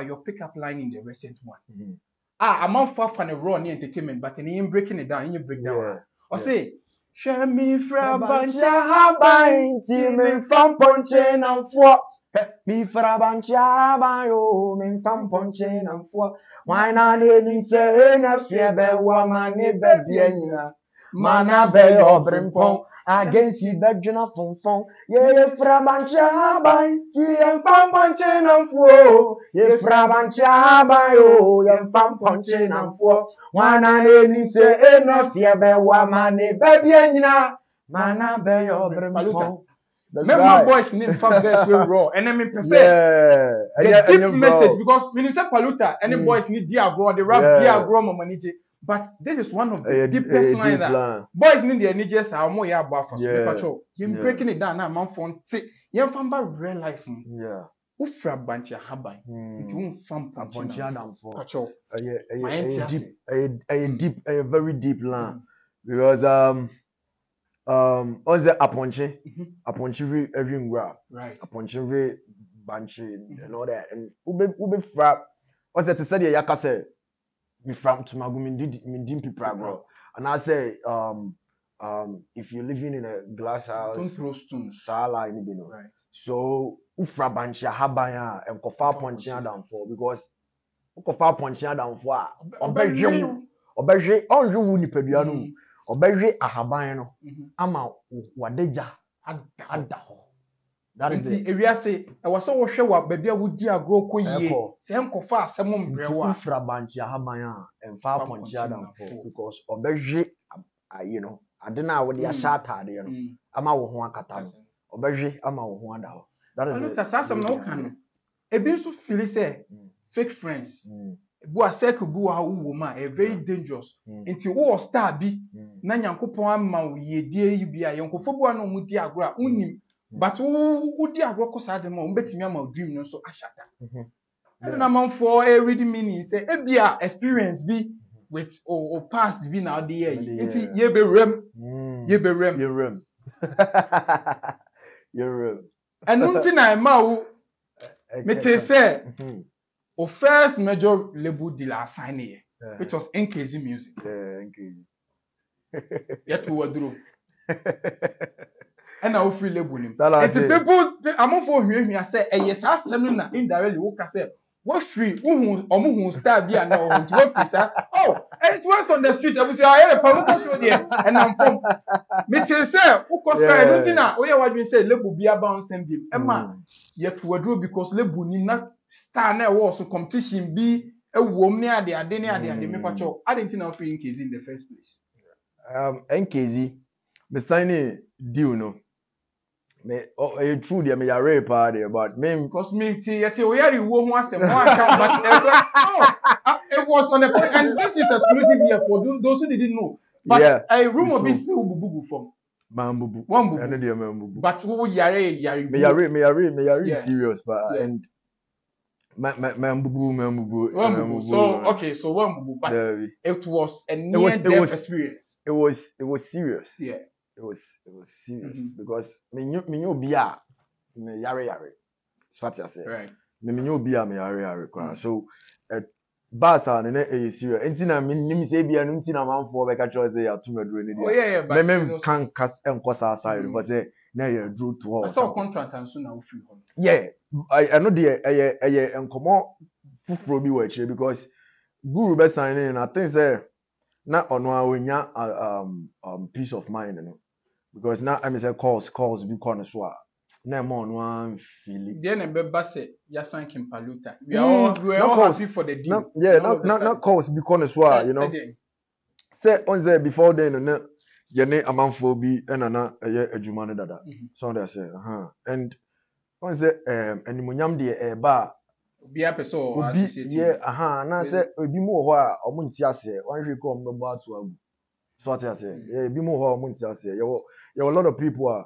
by your pickup line in the recent one. Mm-hmm. Ah, I'm not far from the raw near entertainment, but in you breaking it down, in you break down. Yeah. Or yeah. say, Share me fra bancha habai, me from ponche and four. Mi fra bancha habai, oh, me from ponche and four. Why not any say, enough, yeah, be woman, it be bien, man, I be your brimpon against the yi bɛdwena fonfɔn yɛyɛfra bankye ahaban ti yɛmfa mpɔnkye namfoɔ yɛfra bankye ahaban o yɛmfa mpɔnkye namfoɔ wana na ɛni sɛ ɛnu afiɛ bɛwa ma ne bɛbia nyina ma na bɛyɛ ɔbrɛmpɔn mɛma boys need nfa girls wey raw And then, me pɛ sɛ the deep message because when you say paluta ɛni mm. boys need di agorɔ the rap di agorɔ mɔmɔ ni je but this is one of the uh, deepest uh, line deep that boys need their niggers are ah, more yeah about for yeah. patrol you breaking it down now man for you from ba real life hmm. Yeah. Who bunch of wofra It won't nti womfa mpankye namfo patrol ɛyɛ ɛyɛ deep ɛyɛ ɛyɛ eh, hmm. deep ɛyɛ very deep hmm. land because um um ɔnze apɔnkye mm-hmm. every every ɛri Right. apɔnkye ri bunch and mm-hmm. all that and be wobɛ wobɛfra ɔsɛ te sɛ deɛ yaka sɛ mefra ntoma gu mendi and I say um, um, if you living in a glass house don't throw stones right. so wofra bankye ahaban a nkɔfa apɔnkye adamfoɔ because wokɔfa apɔnkye adamfoɔ a ɔbɛhwe wo ɔbɛhwe ɔnhwe wo nipadua no mu mm. ɔbɛhwe mm-hmm. ama wadagya ada hɔ nti ewiase ɛwɔ sɛ wɔhwɛ wɔ baabi a wodi agorɔ kɔ yie sɛ nkɔfa asɛm mbrɛ wa. nti nfura bankye ahaban a nfa apɔnkye adamfo because ɔbɛhwe ayi no ade na a wɔde mm. ahyɛ ataadeɛ no mm. ama wɔn ho akata no ɔbɛhwe ama wɔn ho ada hɔ. ɔlọta saa asɛm na ɔka no ebi nso fili sɛ mm. fake friends bu a circle bu a wowɔ mu a ɛyɛ very dangerous nti wowɔ star bi na nyankopɔn ama wo yiedie yi bi a yɛn nkɔfo bu a na wɔn di agorɔ a wɔn nim but wodi agorɔ kɔ saa dɛm a wɔbɛtumi ama dream no nso ahyata ɛna namanfoɔ ɛredi meaning sɛ ebia experience bi mm-hmm. with o o past bi na ɔde yɛ yi nti yɛbɛwuram yɛbɛwuram yɛwuram yɛwuram ɛnu ti na ɛma wo mete sɛ o first major label deal asan ne yɛ which was nkz music yɛto wɔ duro ɛna ofiri label nim eti people amofo hwiehwie sɛ ɛyɛ saa asɛm no na indirectly woka sɛ wafiri wohun ɔmo hun star bi a na ɔhun ti saa oh ɛti wɔn on the street ɛbusu ayɛ lɛ pɛlu kɔ so deɛ ɛnam fam mete sɛ wokɔ sɛ ɛnu ti na oyɛ wadwin sɛ label bi aba nsɛm bi ɛma hmm. yɛtu waduro because label nim na star na ɛwɔ so competition bi ɛwɔ mu ne ade ade ne ade ade hmm. mepa kyɛw adi ti na ofiri nkezi in the first place. Um, nkezi mesan ne deal no. me oh ɛyɛ eh, true deɛ meyare paa deɛ but me. because me ti yet o yari wo ho asɛm o aka but eh, oh ah, it was on a. and this is exclusive here for those who didn't know. but yeah, ɛyɛ rumour bi si o bubu gu fam. maa n bubu wọn bubu ɛne deɛ maa n bubu. but wo me yare. meyare meyare meyare yeah. serious paa yeah. and. Mambubu, Mambubu. Mambubu. So okay, so Mambubu, but yeah. it was a near-death experience. It was it was serious. Yeah. it was it was serious mm -hmm. because me knew me knew bia me yare yare so what you say right me me knew bia me yare yare kwa mm -hmm. so uh, bus a ne ne serious Enti na me nim sɛ ebia no enti na amanfoɔ bɛka kyerɛ sɛ yɛato maduro ne deɛ mɛ mɛ nka nka nkɔ saa saa yɛ because sɛ na yɛ aduro to hɔ. ɛsɛ o contract nso na ofiri hɔ. yɛ ɛno deɛ ɛyɛ ɛyɛ nkɔmɔ foforɔ bi wɔ akyire because guru bɛ sign in I think say eh, na ɔno a onya ah, um um peace of mind you know because na ɛmi sɛ calls calls bi kɔ ne so a na ɛma ɔno ara nfili. deɛ na ɛbɛba sɛ yasan kimpaluta. we are hmm, all we are all calls, happy for the deal. na yeah na na, na calls bi kɔ ne so a you know sɛ ɔn sɛ before then no na yɛne amanfoɔ bi ɛna na ɛyɛ adwuma no dada mhm. so ɔda sɛ uh-huh. and ɔn sɛ ɛɛm um, animonyam deɛ ɛɛba a obi apɛ sɛ ɔwɔ asosiati obi yɛ aha anaasɛ ebi mu wɔ hɔ a ɔmo nti aseɛ wɔn ahwɛ kɔ ɔmo bɛbɔ ato agu so ɔte aseɛ mm. ebi mu wɔ hɔ a ɔmo nti aseɛ yɛwɔ there were a lot of people a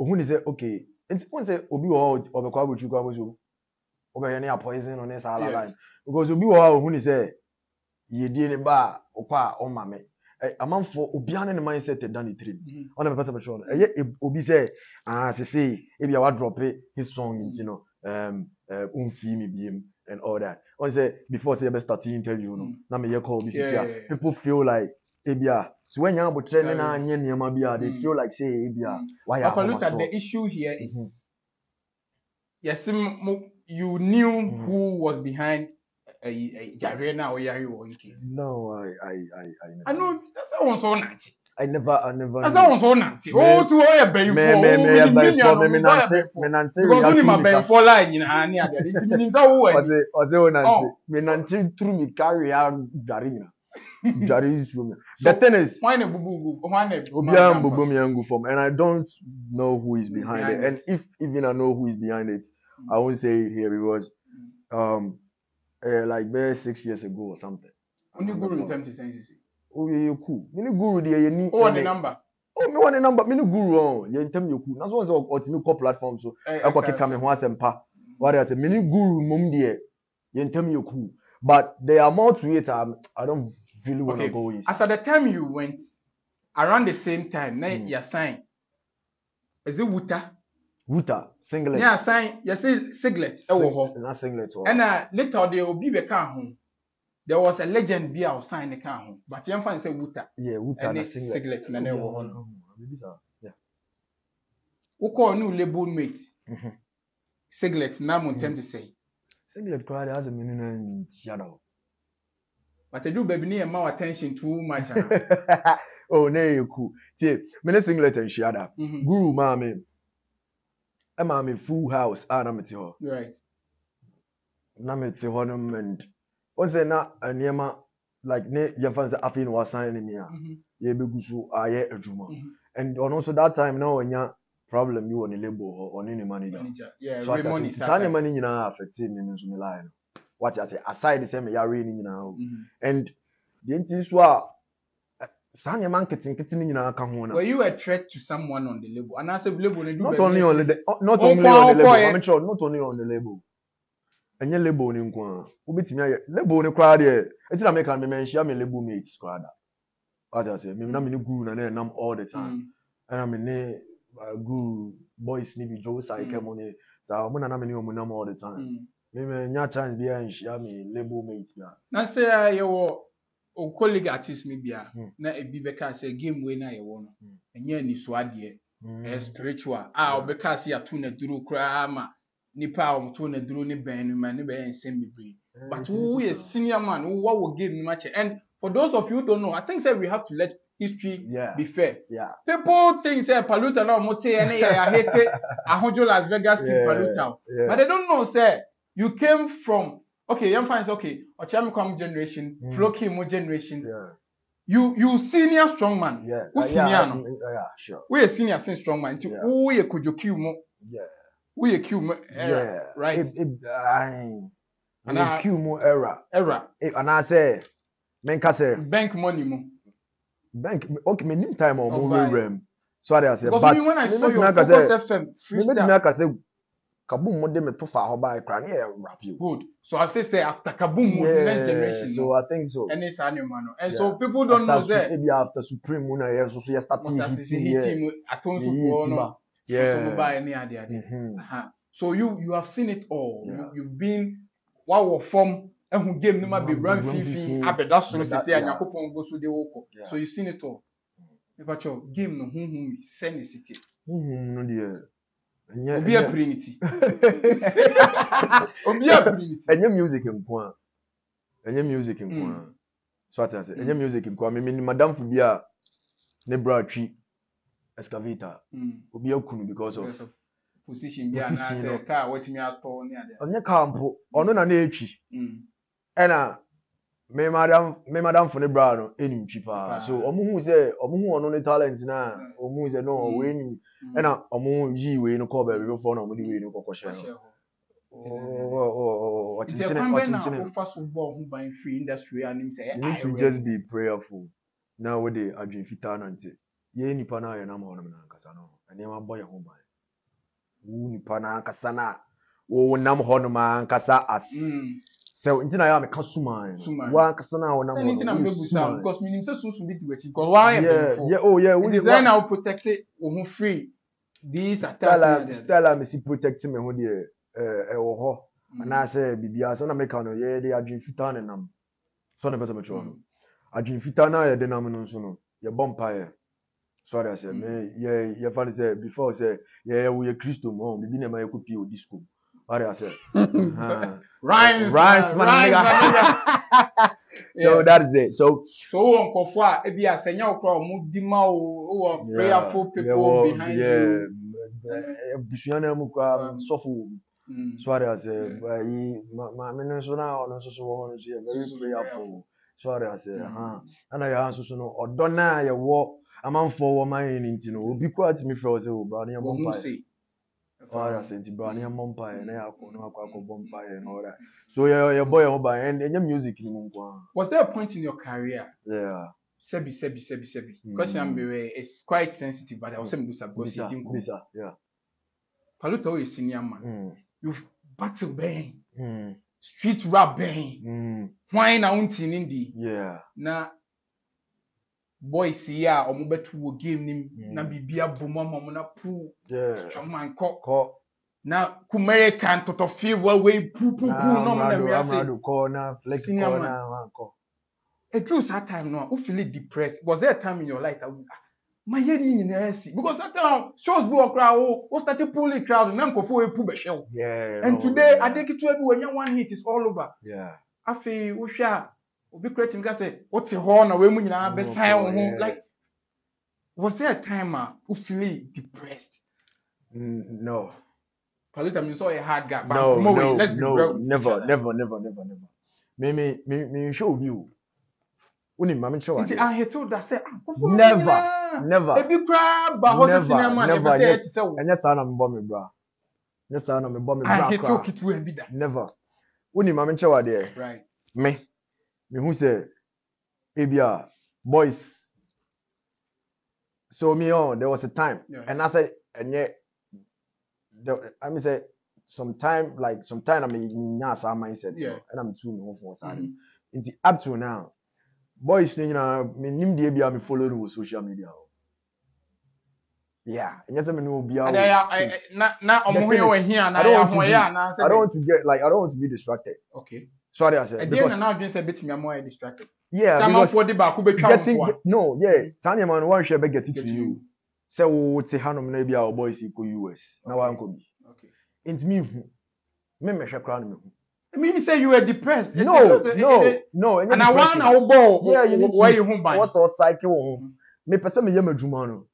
ohun ni sɛ okay nti wọn sɛ obi wɔ hɔ ɔbɛkɔ abotiri kɔ abosom ɔbɛyɛ ne apɔyisen no ne saa ala line because obi wɔ hɔ a ohun ni sɛ yedie ne ba eh, a ɔkɔ a ɔma me amanfo obiara ne ne mindset ɛda ne tirim ɔna pɛpɛ sɛ bɛ sɔrɔ no ɛyɛ obi sɛ aa ah, sese ebi a wadrɔpe his song nti no um, uh, unfi mi and all that ɔn say before say yɛ bɛ start interview you know, mi mm. yɛ call bi sisi ah, people feel like. ebia so when you botire ne and anye nneɛma are a they feel like say ebia why are you look at the issue here is mm -hmm. yes you knew mm -hmm. who was behind yare na o yare wɔ in case. no i i i i i know ɛsɛ wɔn so nante. I never, I never. That's how so nanti. Oh, to all your baby for, oh, many million, many nanti, many nanti. Because only my baby for line in Ania. It's meaning so. Oze, oze, nanti. Me nanti through me carry out garina. Jare So the thing is, why ne bubu why ne Obiara bubu miyangu form, and I don't know who is behind, behind it. it. And if even I know who is behind it, mm. I won't say it here because, hmm. um, uh, like maybe six years ago or something. Only guru in terms of sense. Oh yeah, you cool. Mini guru there you need. Oh, the number. Oh, me one number. Mini guru on. You in terms you cool. That's what's our ultimate core platform. So eh, I got kick eh, coming once and pa. What I say, mini guru mum there. You in terms you cool. But there are more to it. Um, I don't really want to okay. go is. As at the time you went, around the same time, now mm. your sign. Is it Wuta? Wuta, singlet. Yeah, sign. You say singlet. Sing, oh, not singlet. Oh. And uh, later they will be back home. There was a legend beer or sign the car home, but you find say Wuta. Yeah, Wuta. And singlet. And then oh, Yeah. Who call new label mate? Mm-hmm. Singlet. Now I'm mm. to say. Singlet, cry. That's a meaning in Shadow but edu baabi ne yɛ ma attention too much ah. oh ne yɛ ku tie me ne singlet nhyia da mhm. guru maame ɛma me full house a na me te hɔ right na me te hɔ no mend wɔn sɛ na eh, nneɛma like ne yɛfa sɛ afei na wasan ne nia mhm. yɛbɛgu so ayɛ adwuma mhm. and ɔno nso that time na ɔnya problem bi wɔ ne label hɔ ɔne ne manager so ata sɛ saa nneɛma no nyinaa afɛte me nso me line no wate ase aside sɛ meyare no nyinaa o mm-hmm. and deɛ nti so a eh, saa nneɛma nketenkete no nyinaa ka ho na. were you a threat to someone on the label anaasɛ label na du baabi. not only on the oh, not only on the label maame kyerɛ not only on the label ɛnyɛ label ni nko a wobɛtumi ayɛ label ni koraa deɛ eti na meka mi mɛ nhyia mi label mates koraa da wate ase mi na mi mm. ni guru na ne nam all the time mm. ɛna mi ne uh, guru boys ni bi joe saike mm. mu ni saa ɔmo na na mi ni ɔmo nam all the time mímẹ nya chance bi a nhyia mi label mate bi a. na sẹ a yẹwọ o colleague artist ni bia hmm. na ebi bɛka sɛ game wey na yɛwɔ no ɛnyɛ hmm. nisuadeɛ ɛyɛ hmm. eh, spiritual a ɔbɛka sɛ yɛato na duro koraa ma nipa a wɔto na duro ne bɛn no ma ne bɛyɛ nsɛm bebree but wo yɛ senior man wo wa wɔ game no ma kyɛ and for those of you who don't know i think say we have to let history yeah. be fair yeah. people think say paluta na ɔmo te yɛ ne yɛ ahete ahojo las vegas team paluta but they don't know say you came from okay young fans. n sẹ okay ọ̀chàmìkwam generation mm. flokimu generation yeah. you you senior strong man wo yeah. uh, senior no wo yɛ senior sin strong man nti wo yɛ kojokiw mu wo yɛ kiw mu era right ana kiw mu era era anaasɛ menka sɛ bank money mu bank okay menim time a ɔmo wewura mu so ade ase but because me when i saw your focus fm freestyle kaboom mo de me to fa hɔ baa kura ne yɛ rap you. good so i say say after kaboom mo yeah, next generation so i think so ɛne saa nneɛma no and yeah. so people don't know say. ebi after supreme mu na yɛ nso so yɛ start to hit him yɛ hit him atonsofoɔ no nso mo baa yɛ ade ade so you you have seen it all yeah. you you've been wawɔ fam ɛhu eh, game no ma mm-hmm. bebree nfiifi abɛda ah, mm-hmm. soro sese a nyakopɔn go so de wɔkɔ so you seen it all mm-hmm. nipa kyɛw game no huhum sɛ ne si te. huhum no deɛ obi apiri ne ti obi apiri ne ti. ɛnyɛ music nko a ɛnyɛ music nko a hmm. so ati ase ɛnyɛ hmm. music nko a mimi madamfo bi a ne bra atwi excavator hmm. obi akunu because of position bi anaasɛ kaa wɔtumi atɔ ne adeɛ. ɔnyɛ kaa mpo ɔno na na etwi ɛna me madam me madam fo ne bra no enim twi paa so ɔmo hu sɛ ɔmo hu ɔno ne talent na ɔmo hu sɛ no ɔwɔ enim ɛna ɔmo yi wei no kɔɔ baabi bɛfɔ na ɔmo de wei no kɔkɔ hyɛ no ɔkyekyere ɔkyekyere you need to just be prayerful na wo de adwene fitaa nante yɛ nipa na ayɛ n'ama ɔnam n'ankasa no nneɛma bɔ yɛn ho ban wo nipa n'ankasa na wo nam hɔ nom ankasa as. Mm sɛ nti na yɛ a mɛka suman wa kasa na ɔnam ɔno nti na mɛ busa mi nim sɛ sunsun bi ti wɔ akyi yeah oh yeah design na o protect free these attacks na yɛ dɛ style a mi si protect mi ho deɛ ɛwɔ hɔ anaasɛ bibi asa na mɛka no yɛ de fitaa na nam so na pɛ sɛ mɛtwerɛ no adwin fitaa na yɛ de nam no nso no yɛ bɔ sɔre asɛ mɛ ne sɛ before sɛ yɛ yɛ kristo mu hɔn bibi na ɛma yɛ kɔ pie disco what else? Uh-huh. Rhymes, rhymes, my rhymes, nigga. My nigga. so yeah. that is it. So so on kofwa ebi asenya okra mu who are prayerful people yeah, behind yeah. you. Eh, Busuana mu kwa um, sofu. Mm. So what else? Yi ma me no so na ono oh, so so wo oh, no so very prayerful. So what else? Ha. I ya mm. uh-huh. so so no odona ye wo amanfo wo man for nti no obi kwa ti me feel oh, say o ba no ya mo pa. Father, Saint Brania Mompire, and I could not go Bompire and all that. So, yeah, your boy, and your music. Was there a point in your career? Yeah. Sebi, Sebi, Sebi, Sebi. Because mm. -hmm. it's quite sensitive, but I was hmm. saying, Bisa, Bisa, yeah. Paluto is senior man. Mm. You've battled bang, mm. street rap bang, mm. wine, I won't in Indy. Yeah. Now, boys yi a wɔn bɛtu wɔ game nim hmm. na biribi abɔ mu ama wɔn na pool twɛman kɔ na kumere ka ntɔtɔfie wa wei puupuupuu na wɔn nam wiase senior man etu saa time no a o feel depressed was there a time in your life that you ah ma yɛ ni nyinaa si because that time shows bi wɔ koraa o o start pulling crowd na nkɔfo epu bɛhwɛ o and today ade ketewa bi wɔ nya one hit is all over afei wohwɛ a. obi kura tìmí ká sɛ wote hɔ na wɔn mu nyinaa oh, bɛsan like was there a time a o feel depressed. no. palita mi sọ a hard guy but no, tomorrow no, let's be no, real with never, each other. never never never never Never. mi mi mi n ṣe obi o o ni maame n ṣe wa de. nti ahetu da sɛ akofo mi Never. Ah. never ebi kura ba hɔ sisi ní ɛma na ebi sɛ ɛti sɛ wo. ɛnyɛ saa na mi bɔ mi bra ɛnyɛ saa na mi bɔ mi bra kora ahetu kituwa bi da. never o ni maame n ṣe wa de. right. me. mehu sɛ a boys so me on oh, there was a time yeah. and I said and yet there, I mean say sometime like sometime I mean nya saa mindset yeah. and I'm too me ho for saa mm -hmm. up to now boys ni nyinaa me nim deɛ bia me follow no social media o yeah ɛnyɛ sɛ me ne obiara wɔ na na ɔmo ho yɛ wɔ hin anaa ɛho yɛ anaa sɛ I don't want to get like I don't want to be distracted okay sọrọ ase. ẹdín ẹ̀ nana adwene sẹ bẹ́ẹ̀ tì mí àmọ́ distracted. yeah because samanfo de baako bẹ twa wọn no yeah saa nìyẹn ma no wọn hwẹ bẹ you sẹ wo te hanom na ebi a ọbọ esi us Now wa nkọ bi ntumi hu mi mẹhwẹ koraa na I mean, say you were depressed. No, no, no. And I want our go. Yeah, you need where you home by. What's all psyche? Me person me yɛ me dwuma no.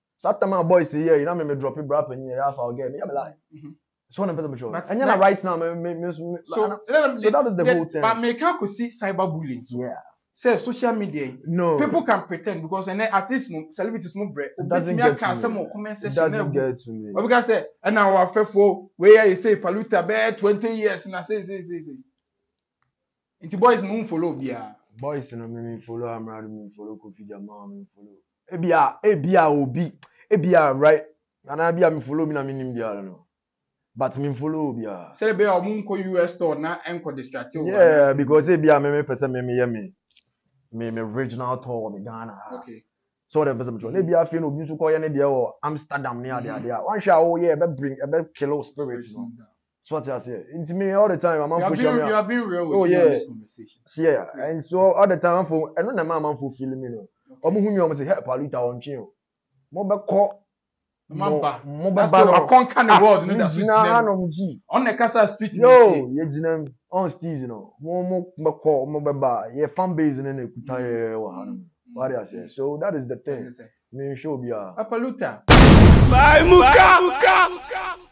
my boys here, you know me me drop it brap and you have again. Me am lie. Mm-hmm. So an invisible job. And yeah, right now, me, me, me, so, so, that is the whole thing. But me can't see cyberbullying. Yeah. Say social media. No. People can pretend because and then artists, celebrities, no bread. Doesn't get to me. Some comment section. Doesn't get to me. But because say and our faithful where you say paluta bear twenty years and I say say say say. Nti boys no follow bia. Boys no me me follow Amrad me follow Kofi Jamal me follow. Ebia ebia obi ebia right. Ana bia me follow me na me nim bia no but me follow bia. Ah. sẹ́dẹ̀ bẹ́ẹ̀ ọmú nkọ us store na ẹ̀ nkọ distract you. yeah because ebi a ah, mímí pẹ̀sẹ̀ mímí yẹ mi mi mi regional tour mi ghana. okay. so ọ̀dẹ̀ pẹ̀sẹ̀ mi tún ebi afei na obi nso kọ́ yẹ ne deɛ wɔ oh, amsterdam ne adeade a wọ́n ahyɛ a wɔyɛ ɛbɛ bring ɛbɛ kill o spirit no so what I say nti me all the time amanfo hyɛ mi a you are being oh, yeah. yeah and so all the time amanfo ɛno na ma amanfo feel me no ɔmo hu mi ɔmo sɛ hɛ paluta ɔntwe o mo bɛ kɔ maba akɔnka ne world ne da so gyina mu ɔn na kasa street ne ti yoo yɛ gyina mu ɔn steez no mo mo bɛkɔ mo bɛba yɛ fan base ne na ekuta mm. yɛ wɔ ha no mm. wari ase so that is the thing mi n show bi a. apaluta. baimuka.